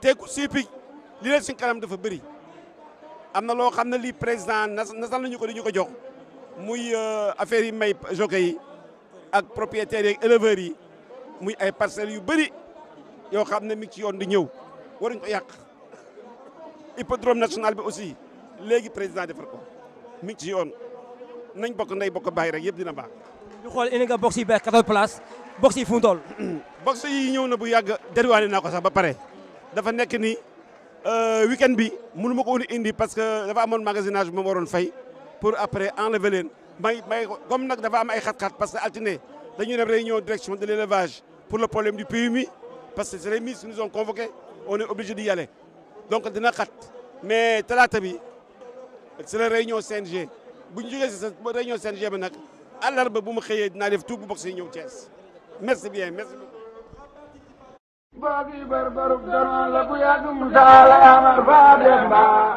te ku siipi li leen suñ kanam dafa bëri am na loo xam ne lii président nasal nañu ko di ñu ko jox muy euh, affaire yi may jockey yi ak propriétaires yeeg éleveurs yi muy ay parcelles yu bëri yoo xam ne mi ci yoon di ñëw war waruñ ko yàq hippodrome national bi aussi léegi président defar ko mi ngi ci yoon nañ bokk ndey bokk bàyyi rek yëpp dina baax. ñu xool indi nga box yi ba place box yi fu mu toll. box yi ñëw na bu yàgg deriwaane naa ko sax ba pare. dafa nek ni euh, weekend bi mënu ma ko woon indi parce que dafa amone magasinage bu ma fay pour après enlever leen may may comme nak dafa am ay khat khat parce que altiné dañu dem réunion direction de l'élevage pour le problème du PMI parce que c'est les ministres nous ont convoqué, on est obligé d'y aller donc dina khat mais talaata bi c'est la réunion CNG bu jogé ci sa réunion CNG bi nak alarba bu ma xëyee def tout bu bokk Thiès merci bien merci beaucoup. boogi barbaruk danoon la bu a mu a amar faa dem baa